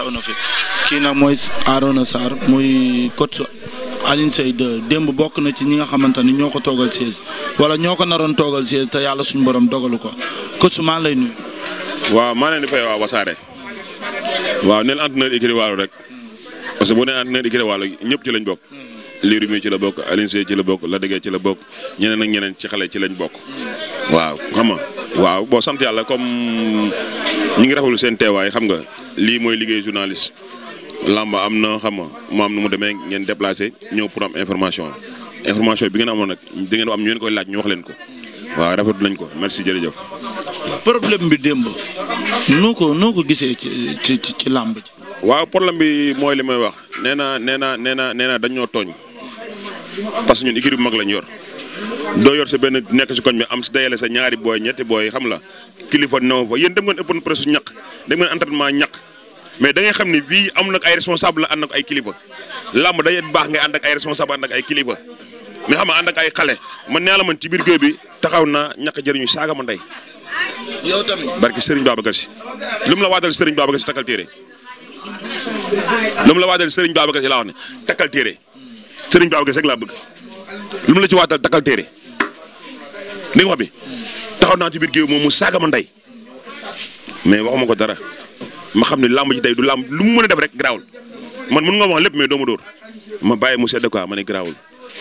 xew na fi kii nag mooy Arona Sarr muy coach Alioune Seye 2 démb bokk na ci ñi nga xamante ni ñoo ko toogal siège wala ñoo ko naroon toogal siège te yàlla suñu borom dogalu ko coach maa lay nuyu. waaw maa leen di fay waa wasaare waaw neel entraîneur écurie Waalo rek parce que bu nee entraîneur écurie Waalo ñëpp ci lañ bokk. Lirou mi ci la bokk Alioune Seye ci la bokk Ladege ci la bokk ñeneen ak ñeneen ci xale ci lañ bokk waaw xam waaw boo sant yàlla comme ñu ngi rafetlu seen teewaay xam nga lii mooy liggéey journaliste làmb am na xam nga mu am nu mu demee ngeen déplacé ñëw pour am information information bi ngeen amoon nag di ngeen am ñu leen koy laaj ñu wax leen ko waaw rafetlu nañ ko merci jërëjëf. problème bi démb noo ko noo ko gisee ci ci ci làmb ji. waaw problème bi mooy li may wax nee naa nee naa nee naa nee naa dañ tooñ parce que ñun équipe bu mag lañ yor. doo yor sa benn nekk si koñ mi am si dayale sa ñaari booy ñetti booy xam la kilifa new fa yéen dem ngeen ëppoon presse ñaq dem ngeen entraînement ñaq mais da xam ne fii am nag ay responsable la ànd ak ay kilifa làmb day baax ngay ànd ay responsable ànd ak ay kilifa mais xam nga ànd ak ay xale man nee la man ci biir géej bi taxaw na ñaq jëriñu saaga ma ndey. yow tamit barki Serigne Babacar lu mu la waatal Serigne Babacar Sy takkal téere lu mu la waatal Serigne Babacar Sy laa wax ne takkal téere Serigne Babacar Sy rek laa bëgg. lu mu la ci waatal takkal téere li nga wax bi taxaw naa ci biir géew moom mu saaga ma ndey mais waxuma ko dara ma xam ne làmb ji tey du làmb lu mu mën a def rek garaawul man mën nga wax lépp mais doo ma dóor ma bàyyi mu sedd ko ma ne garaawul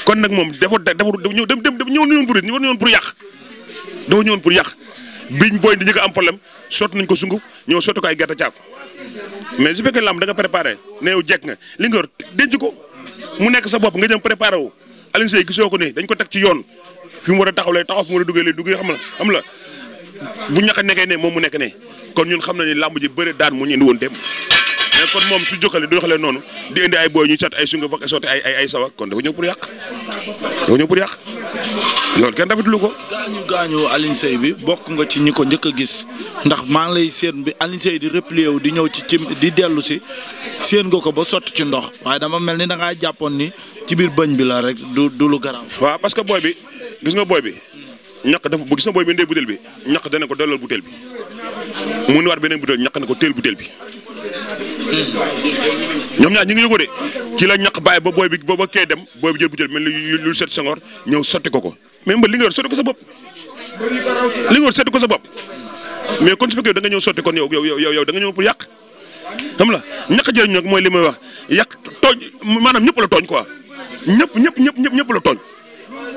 kon nag moom dafa dafa ñëw dem dem ñëw ñëwoon pour ñëw ñëwoon pour yàq dafa ñëwoon pour yàq biñ booy di njëkk am problème sotti nañ ko sunguf ñëw sotti ko ay gerte caaf mais su fekkee làmb da nga préparé ne yow jekk nga li denc ko mu nekk sa bopp nga jëm préparé wu. Alioune Seye gisoo ko ne dañ ko teg ci yoon fi mu war a taxawlee taxaw fi war a duggee lay duggee xam na xam la bu ñax a nekkee ne moom mu nekk ne kon ñun xam na ni làmb ji bëre daan mu ñeen indi woon dem mais kon moom su jokkale du doxalee noonu di indi ay booy ñu cat ay sunga fak sotti ay ay ay sawa kon dafa ñëw pour yàq dafa ñëw pour yàq loolu kenn rafetlu ko. gaañu gaañu Alioune bi bokk nga ci ñi ko njëkk a gis ndax maa ngi lay séen bi Alioune di replié wu di ñëw ci cim di dellu si séen nga ko ba sotti ci ndox waaye dama mel ni da ngaa jàppoon ni ci biir bëñ bi la rek du du lu garaaw. waaw parce que booy bi gis nga booy bi ñaq dafa gis nga booy bi butéel bi ñaq dana ko delloo butéel bi mu ne waat beneen butéel ñaq na ko téel butéel bi. ñoom ñaar ñi ngi yëngu de ci la baay bàyyi ba booy bi ba kee dem booy bi jël bu jël mel ni lu set sangor ñëw sotti ko ko mais mba li nga yor sotti ko sa bopp li nga ko sa bopp mais kon su fekkee da nga ñëw sotti kon yow yow yow yow da nga ñëw pour yàq xam la ñaq jëriñ nag mooy li may wax yàq tooñ maanaam ñëpp la tooñ quoi ñëpp ñëpp ñëpp ñëpp ñëpp la tooñ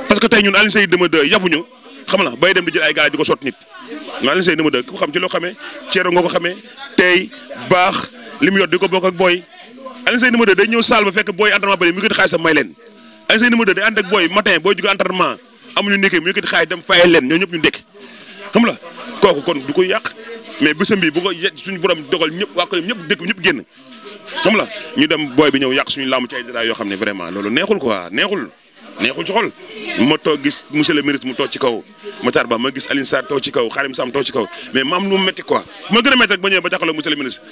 parce que tey ñun Alioune Seye dama dë yabuñu xam la bay dem di jël ay gars di ko sotti nit Alioune Seye dama dë ko xam ci loo xamee ceero nga ko xamee tey baax li mu yor di ko bokk ak booy Alioune Seye numéro 2 day ñëw salle ba fekk booy entraînement bari mu yëkkati xaalis am may leen Alioune Seye numéro 2 ak booy matin booy jóge entraînement amuñu ndékki mu yëkkati xaalis dem fayal leen ñoo ñëpp ñu ndékki xam la kooku kon du ko yàq mais bésam bi bu ko suñu borom dogal ñëpp waa ko ñëpp dëkk ñëpp génn xam la ñu dem booy bi ñëw yàq suñu laamu ci dara yoo xam ne vraiment loolu neexul quoi neexul neexul ci xol ma toog gis monsieur le ministre mu toog ci kaw Matar Ba ma gis Alioune Sarr toog ci kaw ma am lu ma gën a métti rek ba ñëwee ba jàkkaarloo monsieur le ministre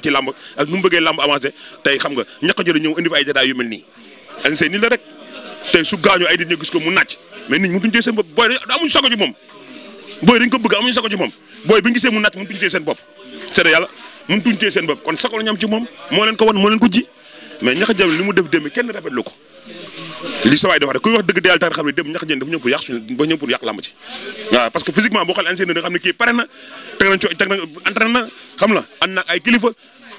ci làmb ak nu mu bëggee gis moom moo leen ko won moo leen ko ji mais ñax jëm li mu def démb kenn rafetlu ko li sa waay di wax rek wax dëgg de yàlla xam ne démb ñax jëm dafa ñëw pour yàq suñu dafa ñëw pour yàq làmb ci waaw parce que physiquement boo xoolee entraîneur nga xam ne kii pare na teg nañ na entraîné na xam na ay kilifa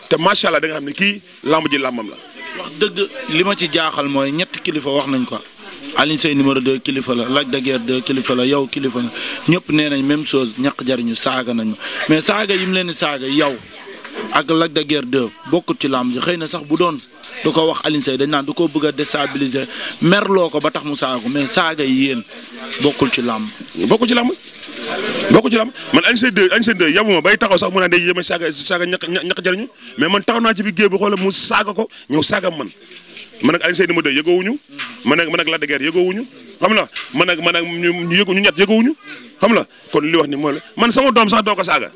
te macha allah danga xam ne kii làmb ji làmbam la. wax dëgg li ma ci jaaxal mooy ñetti kilifa wax nañ ko Alioune Seye numéro 2 kilifa la Lac de Guiers 2 kilifa la yow kilifa la ñëpp nee nañ même chose ñaq jariñu saaga nañ ma mais saaga yi mu leen di saaga yow ak Lac de Guiers ci làmb ji xëy na sax bu doon du ko wax Alioune Seye dañ naan du ko bëgg a déstabiliser merloo ko ba tax mu ko mais saaga yéen bokkul ci lam bokkul ci lam bokkul ci làmb man Alioune Seye 2 Alioune bay taxaw sax mu naan day yéeme saaga saaga ñaq ñaq jariñu mais man taxaw naa ci biir géej bi xoolal mu saaga ko ñëw man. man ak Alioune Seye numéro 2 yëgoowuñu man ak man ak Lac de Guiers yëgoowuñu xam la man ak man ak ñu yëgu ñu ñett yëgoowuñu xam la kon li wax ni mooy la man sama doom sax doo ko saaga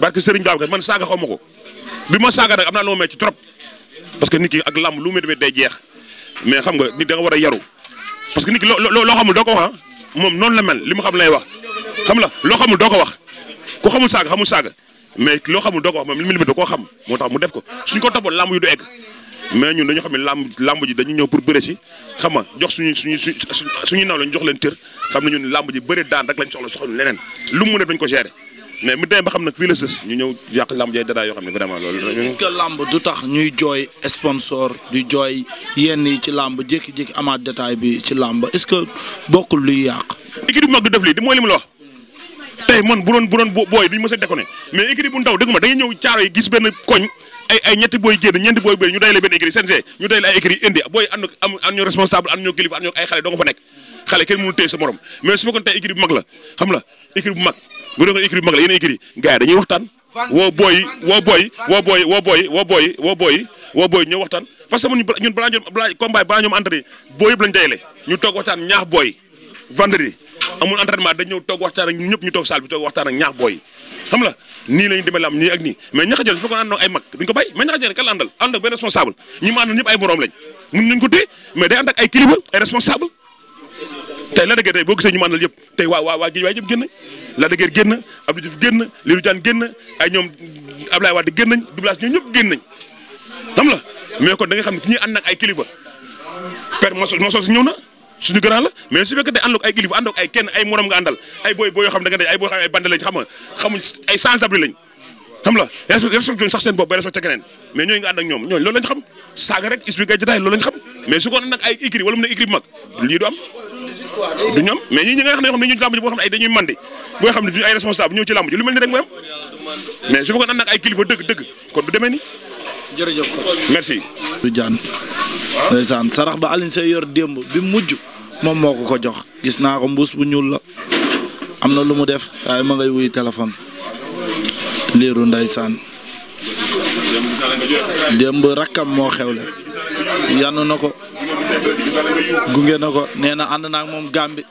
barke Serigne Babacar man saaga xaw ma ko bi ma saaga nag am naa lu ma metti trop parce que nit ki ak lamb lu mu métti day jeex mais xam nga nit da war a yaru parce que nit ki loo loo xamul doo ko wax moom noonu la mel li mu xam lay wax xam la loo xamul doo ko wax ku xamul saaga xamul saaga mais loo xamul doo ko wax moom li mu da koo xam moo tax mu def ko suñ ko taboon làmb yu du egg mais ñun dañu xam ne làmb làmb ji dañu ñëw pour bëre si xam nga jox suñu suñu suñ suñuy naw lañ jox leen tër xam ne ñun làmb ji bëre daan rek lañ soxla soxla leneen lu mu ne ko gérer mais mu demee ba xam nag fii la sës ñu ñëw yàq lamb jay dara yoo xam ne vraiment loolu. ci lamb jékki-jékki amaat détail bi ci lamb est-ce que bokkul luy yàq. équipe bu mag du def lii di mooy li mu la wax tey a déconné mais équipe bu ndaw dëgg ma da ngay ñëw caaro yi gis benn koñ. ay ay ñetti booy génn ñeenti booy béy ñu nekk su ma kon tey écrit bu mag la xam la écrit bu mag bu dee ko écrit bu mag la yéen écrit gars yi dañuy waxtaan woo booy woo booy woo booy woo booy woo booy woo booy ñoo waxtaan parce que ñun ñun balaa ñoom balaa combat balaa ñoom entraîné booy yëpp lañ dajale ñu toog waxtaan ñaax booy vendredi amul entraînement dañ ñëw toog waxtaan ak ñëpp ñu toog salle toog waxtaan ak ñaax booy xam la nii lañ demee lam nii ak nii mais ñaxa jone su ko àndoon ay mag duñ ko bàyyi mais ñaxa jone kan la àndal benn responsable ñi ma àndal ñëpp ay borom ko téye mais day ay kilifa ay responsable tey la dëgg tey boo gisee ñu ma àndal yëpp tey waa waa waa waay yëpp génn Lac de Guiers génn Abdou Diouf génn Lirou Diane génn ay ñoom Ablaye Wade génn nañ doublage ñoom ñëpp génn nañ xam la mais kon ki ñuy ànd ay kilifa père moso moso si ñëw na la mais su fekkee day ànd ak ay kilifa ànd ak ay kenn ay morom nga àndal ay booy booy yoo xam da nga daj ay booy xam ay bande lañ xam nga xamuñ ay sans sax seen bopp bay respecté keneen mais su ko ànd ay écrit wala mu ne écrit bu mag lii am du ñoom mais ñi ñi nga xam ne ñu làmb ji boo xam ne ay dañuy mandi boo xam ne duñu ay responsable ñëw ci làmb lu mel ni rek mooy mais su ko kon am nag ay kilifa dëgg dëgg kon du demee ni jërëjëf merci du jaan ndeysaan sarax ba Alioune Seye yor démb bi mujj moom moo ko ko jox gis naa ko mbuus bu ñuul la am na lu mu def waaye ma ngay wuy téléphone liiru ndeysaan démb rakkam moo xew yanu na ko gunge na ko nee na ànd naag moom Gambie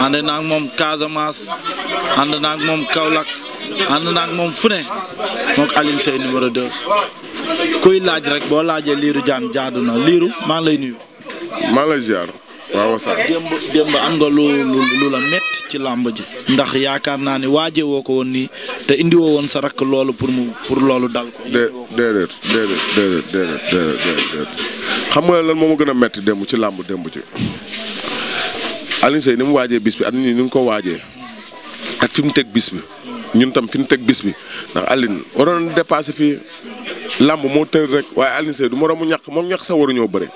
ànd naag moom Casamance ànd naag moom kawlak ànd naag moom fu ne moog Alioune numéro 2. kuy laaj rek boo laajee liiru jaan jaadu na liiru maa ngi lay nuyu. maa lay ziar waaw sax démb démb am nga lu lu la métti ci làmb ji. ndax yaakaar naa ne waajee woo ko woon nii te indi woo woon sa rakk loolu pour mu pour loolu dal xam nga lan moo ma gën a metti démb ci làmb démb ci Alioune ni mu waajee bis bi at ñi ni mu ko waajee ak fi mu teg bis bi ñun tam fi mu teg bis bi ndax Alioune waroon dépassé fii làmb moo tër rek waaye Alioune Seye du moromu moom ñàkk sax waruñoo bëre.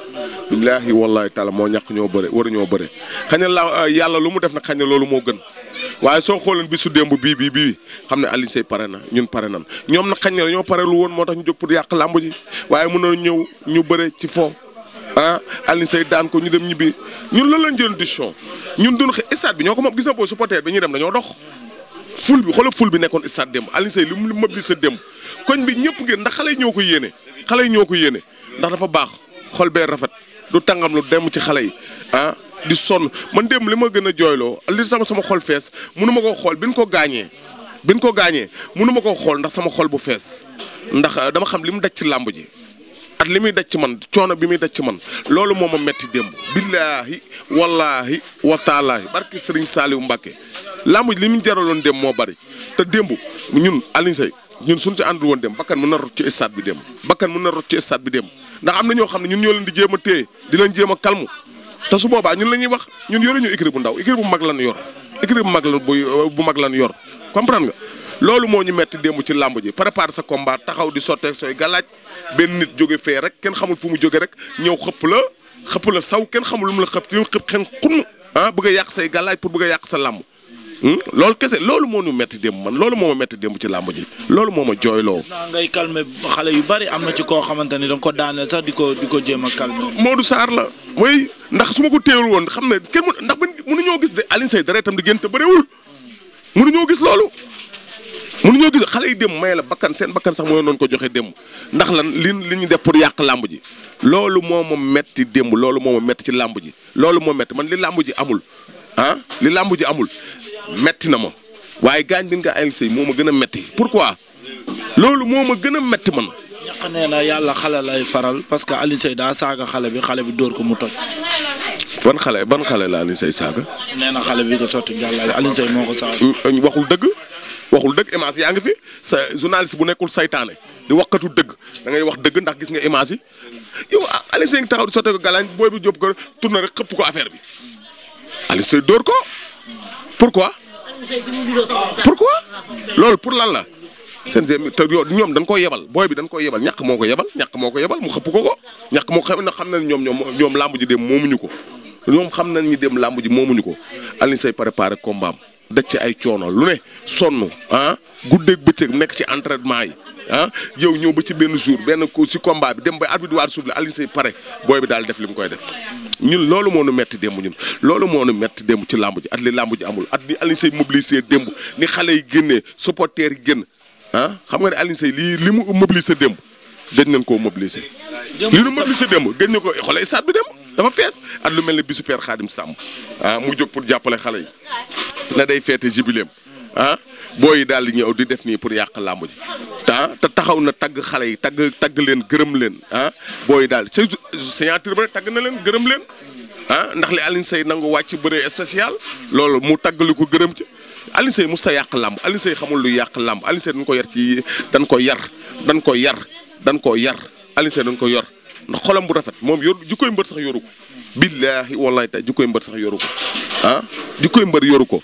billaahi wallaahi taala moo ñaq ñoo bëre waruñoo bëre xëy la euh, yàlla lu mu def na xëy loolu moo gën waaye soo xooleen bisu démb bii bii bii xam ne Alioune pare na ñun pare nan ñoom na xëy na dañoo pare lu woon moo tax ñu jóg pour yàq làmb ji waaye mën na ñëw ñu bëre ci fo ah Alioune Seye daan ko ñu dem ñibbi ñun lan lañ jël décision ñun dun xe stade bi ñoo ko moom gis na boo supporter bi ñu dem dañoo dox. ful bi xoolal ful bi nekkoon stade démb Alioune Seye li mu mobilisé dem koñ bi ñëpp ngeen ndax xale yi ñoo ko yéene xale yi ñoo ko yéene ndax dafa baax xol bee rafet du tàngam lu dem ci xale yi ah di sonn man démb li ma gën a jooyloo li sama sama xol fees mënu ma koo xool bi ñu ko gaañee bi ñu ko gaañee mënu ma koo xool ndax sama xol bu fees ndax dama xam li mu daj ci làmb ji. at li muy daj ci man coono bi muy daj ci man loolu moom ma metti démb billaahi wallaahi wataalaahi barki sëriñ Saaliw Mbàkke làmb li mu jaraloon démb moo bari te démb ñun Alioune ñun suñu ci àndul woon démb bakkan mën na rot ci stade bi démb bakkan mën na rot ci stade bi démb ndax am na ñoo xam ne ñun ñoo leen di jéem a di leen jéem a kalmu te su boobaa ñun la ñuy wax ñun yoruñu écurie bu ndaw écurie bu mag lan yor écurie bu mag lan bu bu mag lan yor comprendre nga loolu moo ñu metti démb ci làmb ji prépare sa combat taxaw di sottee sooy galaaj benn nit jóge fee rek kenn xamul fu mu jóge rek ñëw xëpp la xëpp la saw kenn xamul lu mu la xëpp lu xëpp xen xunn ah bëgg yàq say galaaj bëgg a yàq sa làmb hmm? loolu kese loolu moo nu metti démb man loolu moo ma metti démb ci làmb ji loolu moo ma jooyloo. ngay calmer xale yu bari am na ci koo xamante ni da ko daaneel sax di ko di ko jéem a calmer. Modou Sarr la mooy ndax su ma ko téewul woon xam ne kenn ndax ñoo gis de Alioune Seye dara itam di génn te bëriwul mënuñoo gis loolu mënuñoo gis xale yi dem may la bakkan seen bakkan sax mooy noonu ko joxe démb ndax lan li li ñu def pour yàq làmb ji loolu moo ma metti démb loolu moom ma metti ci làmb ji loolu moom metti man li làmb ji amul ah li làmb ji amul metti na ma waaye gaañ bi nga ay sëy moo ma gën a metti pourquoi loolu moo ma gën a metti man. ñaq nee na yàlla xale lay faral parce que Alioune Seye daa xale bi xale bi dóor ko mu toj. ban xale ban xale la Alioune Seye saaga. na xale bi ko sotti jàllale Alioune moo ko saaga. waxul dëgg. waxul dëgg image yaa ngi fi sa journaliste bu nekkul saytaane di waxkatu dëgg dangay wax dëgg ndax gis nga image yi yow ah, Alioune Seye ngi taxaw di sottee ko galaan booy bi jóp ko tourné rek xëpp ko affaire bi Alioune dóor ko pourquoi pourquoi loolu pour lan la CNG te yow ñoom dañ koy yebal booy bi dañ koy yebal ñàkk moo ko yebal ñàkk moo ko yebal mu xëpp ko ko ñàkk moo ko xam na xam na ñoom ñoom ñoom làmb ji dem moomuñu ko ñoom xam nañ ñi dem làmb ji moomuñu ko Alioune Seye préparé combat am daj ci ay coono lu ne sonn ah guddeeg bëccëg nekk ci entraînement yi ah yow ñëw ba ci benn jour benn ko ci combat bi dem ba arbitre waat suuf la Alioune pare booy bi daal def li mu koy def ñun loolu moo nu metti démb ñun loolu moo nu metti démb ci làmb ji at li làmb ji amul at li Alioune Seye mobilisé démb ni xale yi génne supporters yi génn ah xam nga ne Alioune lii li mu mobilisé démb dañ nañ koo mobilisé. li nu mobilisé démb gën ñu ko xoolal stade bi démb dafa fees at lu mel ne bisu père Khadim Samb ah, mu jóg pour jàppale xale yi. na day feete jubileem ah booy daal di ñëw di def nii pour yàq làmb ji ah te taxaw na tagg xale yi tagg tagg leen gërëm leen ah booy daal sa signature ba tagg na leen gërëm leen ah ndax li Alioune Seye nangu wàcc bëre spécial loolu mu tagg li ko gërëm ci Alioune Seye musta yàq làmb Alioune Seye xamul lu yàq làmb Alioune Seye dañ ko yar ci dañ ko yar dañ ko yar dañ ko yar Alioune Seye dañ ko yor ndax xolam bu rafet moom yor jikkoy mbër sax yoru ko billaahi wallaahi ta jikkoy mbër sax yoru ko ah jikkoy mbër yoru ko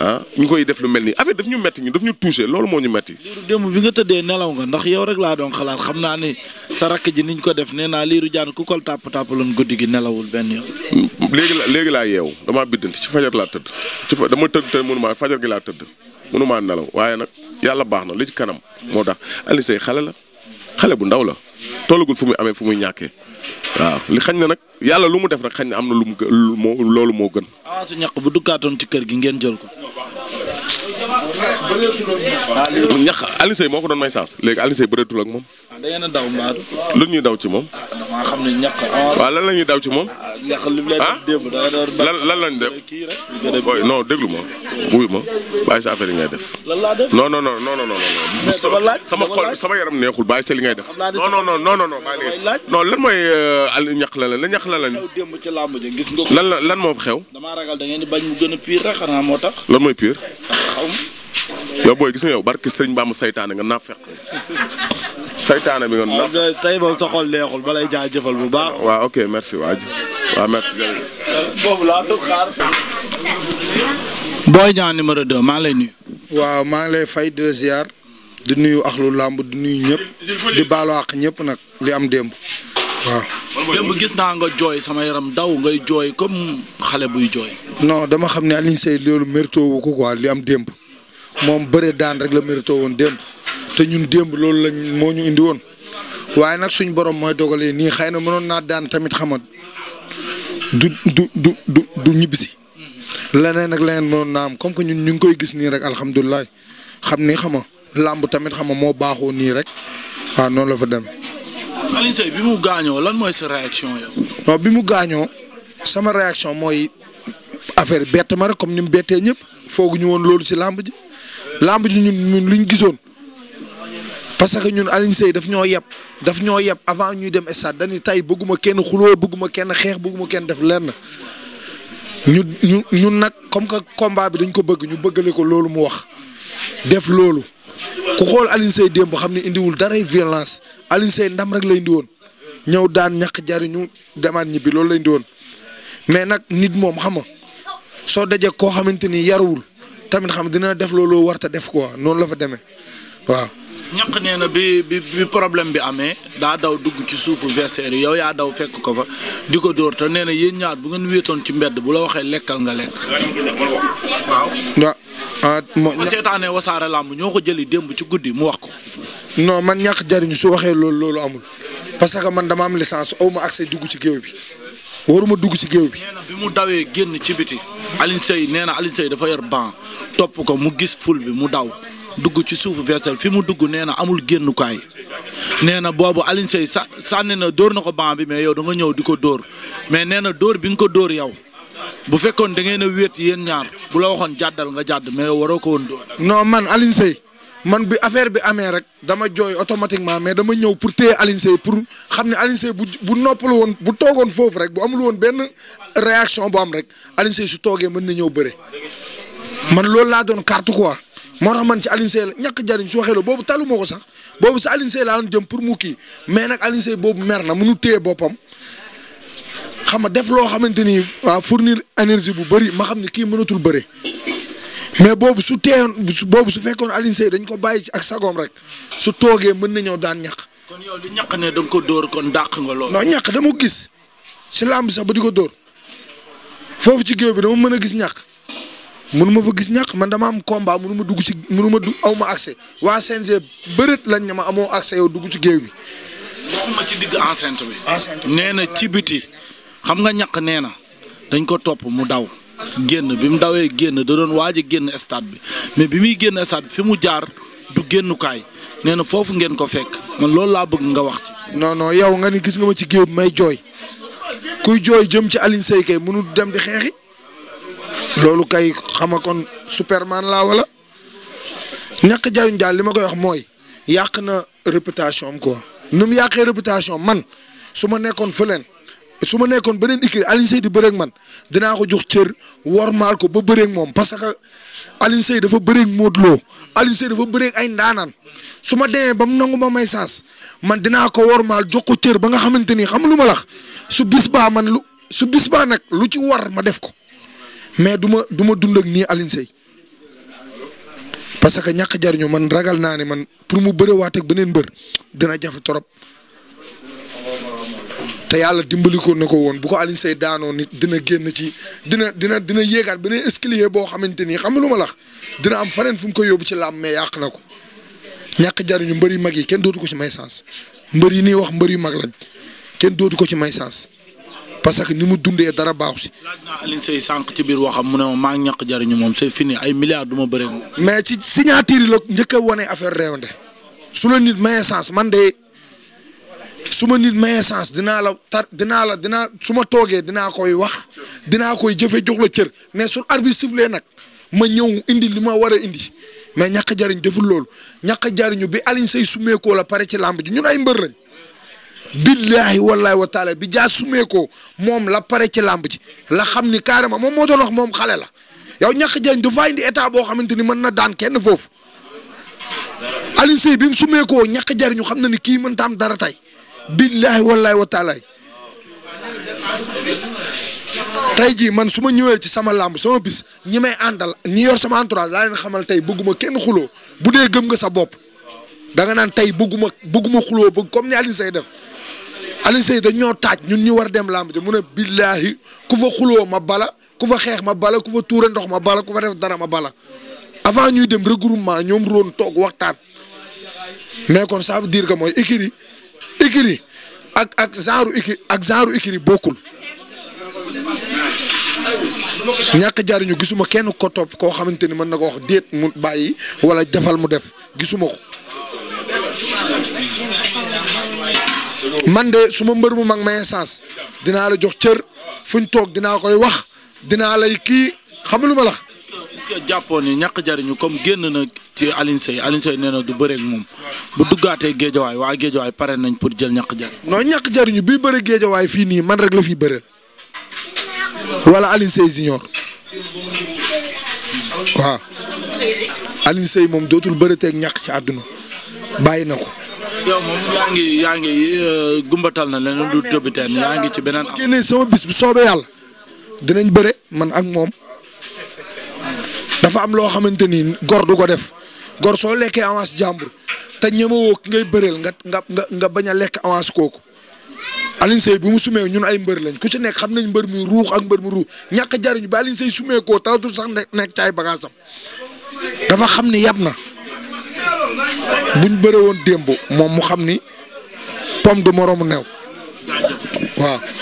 ah ñu koy def lu mel nii affaire daf ñu metti ñu daf ñu touché loolu moo ñu metti. liiru démb bi nga tëddee nelaw nga ndax yow rek laa doon xalaat xam naa ne sa rakk ji niñ ko def nee naa liiru jaan ku ko tàpp tàppaloon guddi gi nelawul benn yow. léegi la léegi laa yeew damaa biddanti ci fajar laa tëdd ci fa dama tëdd tey mënumaa fajar gi laa tëdd mënumaa nelaw waaye nag yàlla baax na li ci kanam moo tax Alioune Seye xale la xale bu ndaw la tollagul fu muy amee fu muy ñàkkee waaw li xañ na nag yàlla lu mu def rek xañ ne am na lu mu loolu moo gën. avance ñaq bu duggaatoon ci kër gi ngeen jël ko. ñax Alioune Seye moo ko doon may saas léegi Alioune Seye bëreetul ak moom. Ah, da ngeen a daw Mbadou. lu ñuy daw ci moom. Ah, damaa xam ne ñax. waaw lan la ñuy daw ci moom. Ah, ñax li mu lay def démb. lan lan lañ def. ooy non déglu ma. wuyu ma bàyyi sa affaire yi ngay def. lan laa def non non non non non non. sama xol sama yaram neexul bàyyi sa li ngay def. non non non non non non non lan mooy euh, Aliou ñax la lan la ñax la lan. démb ci làmb ji gis nga lan la lan moo xew. damaa ragal da ngeen di bañ mu gën a pire rek moo tax. lan mooy piir xaw ma yow booy gis nga yow barki sëriñ Bamba seytaane nga naaf fekk saytaane bi nga. naaf tey moom sa xol neexul balay jëfal bu baax. waaw ok merci waa ji waaw merci jërëjëf. boobu laa doon xaar. Boy Niang numéro 2 maa ngi lay nuyu. waaw maa ngi lay fay di la di nuyu axlu làmb di nuyu ñëpp di baalu nag li am démb waaw. gis naa nga jooy sama yaram daw ngay jooy comme xale buy jooy. non dama xam ne Alioune Seye loolu mérito wu ko quoi li am démb. moom bëre daan rek la mérito woon démb te ñun démb loolu la moo ñu indi woon waaye nag suñ borom mooy dogalee nii xëy na mënoon naa daan tamit xama du du du du du ñibbisi leneen ak leneen mënoon naa comme que ñun ñu ngi koy gis nii rek alhamdulilah xam ni xama làmb tamit xama moo baaxoo nii rek waaw noonu la fa demee. bi mu gaañoo lan mooy sa réaction bi mu gaañoo sama réaction mooy affaire bett ma rek comme ni mu bettee ñëpp fooguñu woon loolu si làmb ji làmb ji ñun ñun luñ gisoon parce que ñun Alioune daf ñoo yeb daf ñoo yeb avant ñuy dem stade dañuy tay bëgguma kenn xuloo bëgguma kenn xeex bëgguma kenn def lenn ñu ñu ñun nag comme que combat bi dañ ko bëgg ñu bëggale ko loolu mu wax def loolu ku xool Alioune Seye démb xam ne indiwul daray violence Alioune ndam rek la indi woon ñëw daan ñàkk jariñu demaat ñibbi loolu la indi woon mais nag nit moom xam nga soo dajee koo xamante ni yaruwul tamit xam dina def loolu war ta def quoi noonu la fa demee waaw. ñaq nee na bi bi bi problème bi amee daa daw dugg ci suufu versaire yow yaa daw fekk ko fa di ko dóor te nee na yéen ñaar bu ngeen wéetoon ci mbedd bu la waxee lekkal nga lekk. waaw. waaw ah moo. ma seetaanee wasaare làmb ñoo ko jëli démb ci guddi mu wax ko. non man ñàkk jariñ su waxee loolu loolu amul parce que man dama am licence aw ma accès dugg ci géew bi. waruma dugg si géew bi. nee na bi mu dawee génn ci biti Alioune Seye nee na Alioune dafa yor ban topp ko mu gis ful bi mu daw dugg ci suuf vaisselle fi mu dugg nee na amul génnukaay nee na boobu Alioune Seye sa sànni na dóor na ko ban bi mais yow da nga ñëw di ko dóor mais nee na dóor bi nga ko dóor yow bu fekkoon da ngeen a wéet yéen ñaar bu la waxoon jàddal nga jàdd mais waroo ko woon dóor. non man Alioune Seye man bi affaire bi amee rek dama jooy automatiquement mais dama ñëw pour téye Alioune Seye pour xam ne Alioune bu bu noppalu woon bu toogoon foofu rek bu amul woon benn réaction bu am rek Alioune Seye su toogee mën na ñëw bëre man loolu laa doon carte quoi moo tax man ci Alioune Seye la ñàkk jariñ su waxee la boobu talu ko sax boobu sa Alioune Seye laa doon jëm pour mu kii mais nag Alioune boobu mer na munu téye boppam xam nga def loo xamante ni waa fournir énergie bu bëri ma xam ne kii mënatul bëre mais boobu su teeyoon boobu su fekkoon Alioune Seye dañ ko bàyyi ci ak sagoom rek su toogee mën na ñëw daan ñaq. kon yow li ñaq ne da nga ko dóor kon dàq nga lool. non ñaq dama gis si làmb sax ba di ko dóor foofu ci géew bi dama mën a gis ñaq mënu ma fa gis ñaq man dama am combat mënu ma dugg ci mënu du aw ma accès waa CNG bërët lañ na ma amoo accès yow dugg ci géew bi. waxuma ci digg bi. enceinte bi nee na ci biti xam nga ñaq nee na dañ ko topp mu daw. génn bi mu dawee génn da doon waaj a génn stade bi mais bi muy génn stade fi mu jaar du génnukaay nee na foofu ngeen ko fekk man loolu laa bëgg nga wax ci. non non yow nga ni gis nga ma ci géew may jooy kuy jooy jëm ci Alioune Seye kay mënul dem di xeexi loolu kay xama kon superman laa wala ñaq jariñ daal li ma koy wax mooy yàq na réputation am quoi nu mu yàqee réputation man su ma nekkoon fëleen su ma nekkoon beneen écurie Alioune Seye di bëreeg man dinaa ko jox cër maal ko ba bëreeg moom parce que Alioune dafa bëreeg Modou Lo Alioune Seye dafa bëreeg ay ndaanaan su ma dee ba mu nangu ma may sens man dina ko wormaal jox ko cër ba nga xamante ni xam lu ma lax su bis baa man lu su bis baa nag lu ci war ma def ko mais du ma du ma dund ak nii Alioune Seye parce que ñàkk jariñu man ragal naa ne man pour mu bëre waat ak beneen mbër dina jafe trop. te yàlla dimbali ko ne ko woon bu ko Alioune Seye daanoo nit dina génn ci dina dina dina yéegaat beneen escalier boo xamante ni xam nga lu ma lax dina am faneen fu mu ko yóbbu ci làmb mais yàq na ko ñàkk jariñu mbër yu mag yi kenn dootu ci may sens mbër yi nii wax mbër yu mag lañ kenn dootu ko ci may sens parce que ni mu dundee dara baaxu si. laaj naa Alioune ci biir waxam mu ne ma maa ngi ñàkk jariñu moom c'est fini ay milliards du ma bëree mais ci signature la njëkk a wane affaire réewante su la may sens man de su ma nit mayee sens dinaa la tar dinaa la dinaa su ma toogee dinaa koy wax dinaa koy jëfe jox la cër mais su arbitre sifflé nag ma ñëw indi li ma war a indi mais ñàkk jariñ deful loolu ñàkk jariñu bi Alioune Seye la pare ci làmb ji ñun ay mbër lañ billaahi wallaahi wa taala bi jaa sumeekoo moom la pare ci làmb ji la xam ni carrément moom moo doon moom xale la yow ñàkk jariñ dafa indi état boo xamante ni mën na daan kenn foofu Alioune bi mu sumeekoo ñàkk jariñu xam na ni kii mën taam dara tey billaahi wallaahi wa taalaay tey jii man su ma ñëwee ci sama làmb sama bis ñi may àndal ñi yor sama entourage laa leen xamal tey bëgguma kenn xuloo bu dee gëm nga sa bopp da naan tey bëgguma bëgguma xuloo bëgg comme ni Alioune def Alioune Seye dañ ñoo taaj ñun ñu war dem làmb ji mu ne billaahi ku fa xulo ma bala ku fa xeex ma bala ku fa tuure ndox ma bala ku fa def dara ma bala avant ñuy dem regroupement ñoom roon toog waxtaan mais kon ça veut dire que mooy écurie écurie ak ak genre écurie ak genre écurie bokkul ñàkk jariñu gisuma kenn ko topp koo xamante ni mën na ko wax déet mu bàyyi wala jafal mu def gisuma ko man de su mbër mu mag ma essence dinaa la jox cër fuñ toog dinaa koy wax dinaa lay kii xam lu ma la est-ce que jàppoon ni ñàkk jariñu comme génn na ci Alioune Seye Alioune du bëreeg moom bu duggaatee géejawaay waa géejawaay pare nañ pour jël ñàkk jariñu non ñàkk jariñu bii bëri géejawaay fii nii man rek la fi bëreel wala Alioune Seye junior waaw Alioune moom dootul bëreeteeg ñàkk ci àdduna bàyyi na ko. yow moom yaa ngi euh, gumbatal na leneen du dóobiteen yaa ngi ci beneen am. sama bis bu soobee yàlla dinañ bëre man ak moom. dafa am loo xamante ni gor du ko def gor soo lekkee avance jàmbur te ñemewoo ki ngay bëreel nga nga nga bañ a lekk avance kooku Alioune Seye bu mu sumee ñun ay mbër lañ ku ci nekk xam nañ mbër mi ruux ak mbër mu ruux ñàkk jariñu ba Alioune Seye sumee koo tawatul sax nekk caay bagaasam dafa xam ni yab na buñ bëre woon démb moom mu xam ni pomme de moromu new waaw.